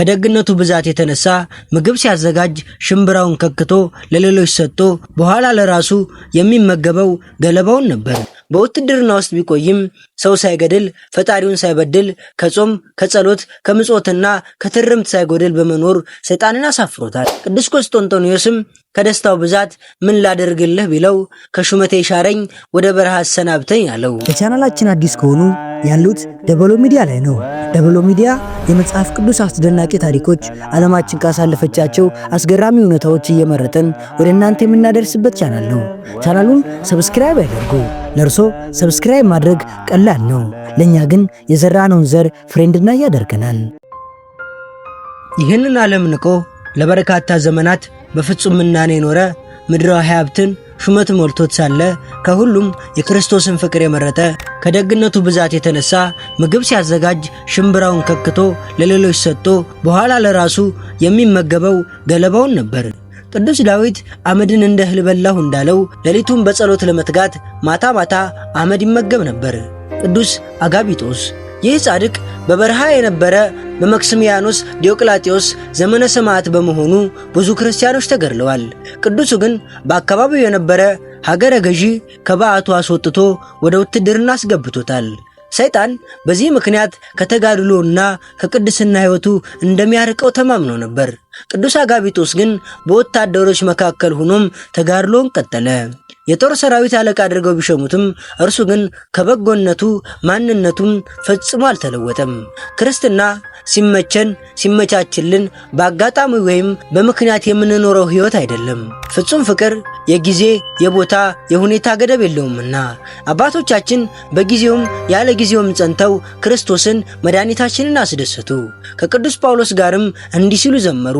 ከደግነቱ ብዛት የተነሳ ምግብ ሲያዘጋጅ ሽምብራውን ከክቶ ለሌሎች ሰጥቶ በኋላ ለራሱ የሚመገበው ገለባውን ነበር። በውትድርና ውስጥ ቢቆይም ሰው ሳይገድል ፈጣሪውን ሳይበድል ከጾም ከጸሎት ከምጾትና ከትርምት ሳይጎድል በመኖር ሰይጣንን አሳፍሮታል። ቅዱስ ቆስጦንጦንዮስም ከደስታው ብዛት ምን ላደርግልህ ቢለው ከሹመቴ ሻረኝ ወደ በረሃ አሰናብተኝ አለው። ለቻናላችን አዲስ ከሆኑ ያሉት ደበሎ ሚዲያ ላይ ነው። ደብሎ ሚዲያ የመጽሐፍ ቅዱስ አስደናቂ ታሪኮች ዓለማችን ካሳለፈቻቸው አስገራሚ እውነታዎች እየመረጥን ወደ እናንተ የምናደርስበት ቻናል ነው። ቻናሉን ሰብስክራይብ ያደርጉ። ለእርሶ ሰብስክራይብ ማድረግ ቀላል ነው፣ ለእኛ ግን የዘራነውን ዘር ፍሬ እንድናይ ያደርገናል። ይህንን ዓለም ንቆ ለበርካታ ዘመናት በፍጹም ምናኔ የኖረ ምድራዊ ሀብትን ሹመት ሞልቶት ሳለ ከሁሉም የክርስቶስን ፍቅር የመረጠ ከደግነቱ ብዛት የተነሳ ምግብ ሲያዘጋጅ ሽምብራውን ከክቶ ለሌሎች ሰጥቶ በኋላ ለራሱ የሚመገበው ገለባውን ነበር። ቅዱስ ዳዊት አመድን እንደ እህል በላሁ እንዳለው ሌሊቱን በጸሎት ለመትጋት ማታ ማታ አመድ ይመገብ ነበር። ቅዱስ አጋቢጦስ ይህ ጻድቅ በበረሃ የነበረ በመክስሚያኖስ ዲዮቅላጤዎስ ዘመነ ሰማዕት በመሆኑ ብዙ ክርስቲያኖች ተገድለዋል። ቅዱሱ ግን በአካባቢው የነበረ ሀገረ ገዢ ከበዓቱ አስወጥቶ ወደ ውትድርና አስገብቶታል። ሰይጣን በዚህ ምክንያት ከተጋድሎና ከቅድስና ሕይወቱ እንደሚያርቀው ተማምኖ ነበር። ቅዱስ አጋቢጦስ ግን በወታደሮች መካከል ሆኖም ተጋድሎን ቀጠለ። የጦር ሰራዊት አለቃ አድርገው ቢሸሙትም እርሱ ግን ከበጎነቱ ማንነቱም ፈጽሞ አልተለወጠም። ክርስትና ሲመቸን ሲመቻችልን በአጋጣሚ ወይም በምክንያት የምንኖረው ሕይወት አይደለም። ፍጹም ፍቅር የጊዜ የቦታ የሁኔታ ገደብ የለውምና አባቶቻችን በጊዜውም ያለ ጊዜውም ጸንተው ክርስቶስን መድኃኒታችንን አስደሰቱ። ከቅዱስ ጳውሎስ ጋርም እንዲህ ሲሉ ዘመሩ፣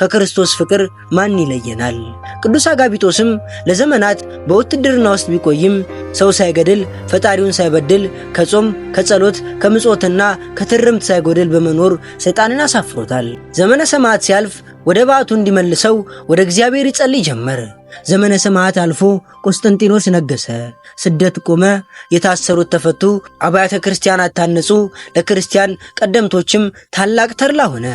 ከክርስቶስ ፍቅር ማን ይለየናል? ቅዱስ አጋቢጦስም ለዘመናት በውትድርና ውስጥ ቢቆይም ሰው ሳይገድል ፈጣሪውን ሳይበድል ከጾም ከጸሎት ከምጾትና ከትርምት ሳይጎድል በመኖር ሰይጣንን አሳፍሮታል። ዘመነ ሰማዕት ሲያልፍ ወደ በዓቱ እንዲመልሰው ወደ እግዚአብሔር ይጸልይ ጀመር። ዘመነ ሰማዕት አልፎ ቆስጠንጢኖስ ነገሰ። ስደት ቆመ። የታሰሩት ተፈቱ። አብያተ ክርስቲያናት ታነጹ። ለክርስቲያን ቀደምቶችም ታላቅ ተድላ ሆነ።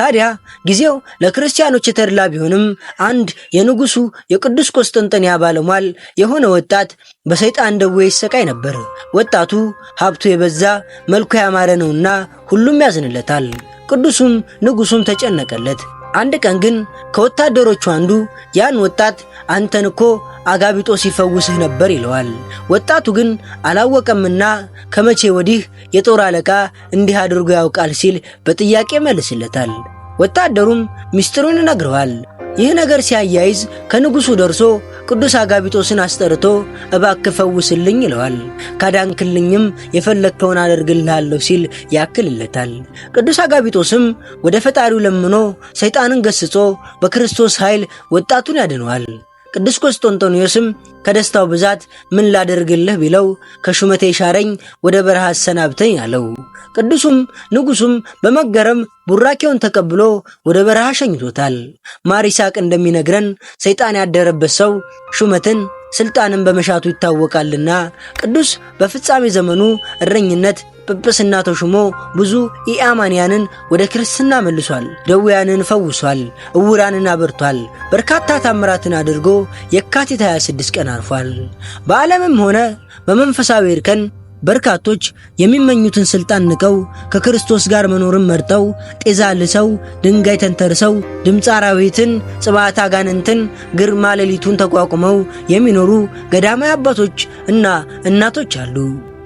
ታዲያ ጊዜው ለክርስቲያኖች የተድላ ቢሆንም አንድ የንጉሡ የቅዱስ ቆስጠንጠንያ ባለሟል የሆነ ወጣት በሰይጣን ደዌ ይሰቃይ ነበር። ወጣቱ ሀብቱ የበዛ መልኩ ያማረ ነውና ሁሉም ያዝንለታል። ቅዱሱም ንጉሱም ተጨነቀለት። አንድ ቀን ግን ከወታደሮቹ አንዱ ያን ወጣት አንተን እኮ አጋቢጦ ሲፈውስህ ነበር ይለዋል። ወጣቱ ግን አላወቀምና ከመቼ ወዲህ የጦር አለቃ እንዲህ አድርጎ ያውቃል ሲል በጥያቄ መልስለታል። ወታደሩም ምስጢሩን ይነግረዋል። ይህ ነገር ሲያያይዝ ከንጉሡ ደርሶ ቅዱስ አጋቢጦስን አስጠርቶ እባክ ፈውስልኝ ይለዋል። ካዳንክልኝም የፈለግከውን አደርግልሃለሁ ሲል ያክልለታል። ቅዱስ አጋቢጦስም ወደ ፈጣሪው ለምኖ ሰይጣንን ገስጾ በክርስቶስ ኃይል ወጣቱን ያድነዋል። ቅዱስ ቆስጦንጦኒዮስም ከደስታው ብዛት ምን ላደርግልህ ቢለው ከሹመቴ ሻረኝ፣ ወደ በረሃ አሰናብተኝ አለው። ቅዱሱም ንጉሱም በመገረም ቡራኬውን ተቀብሎ ወደ በረሃ ሸኝቶታል። ማር ይስሐቅ እንደሚነግረን ሰይጣን ያደረበት ሰው ሹመትን ስልጣንን በመሻቱ ይታወቃልና ቅዱስ በፍጻሜ ዘመኑ እረኝነት ጵጵስና ተሹሞ ብዙ ኢአማንያንን ወደ ክርስትና መልሷል። ደዌያንን ፈውሷል። እውራንን አበርቷል። በርካታ ታምራትን አድርጎ የካቲት 26 ቀን አርፏል። በዓለምም ሆነ በመንፈሳዊ እርከን በርካቶች የሚመኙትን ስልጣን ንቀው ከክርስቶስ ጋር መኖርን መርጠው ጤዛ ልሰው ድንጋይ ተንተርሰው ድምፅ አራዊትን፣ ጽባታ አጋንንትን ግርማ ሌሊቱን ተቋቁመው የሚኖሩ ገዳማዊ አባቶች እና እናቶች አሉ።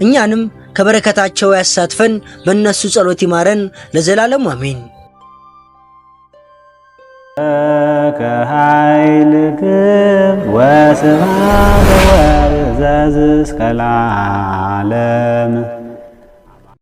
እኛንም ከበረከታቸው ያሳትፈን፣ በእነሱ ጸሎት ይማረን፣ ለዘላለም አሜን። ከኃይልክም ወስብሐት ዘዝ እስከ ለዓለም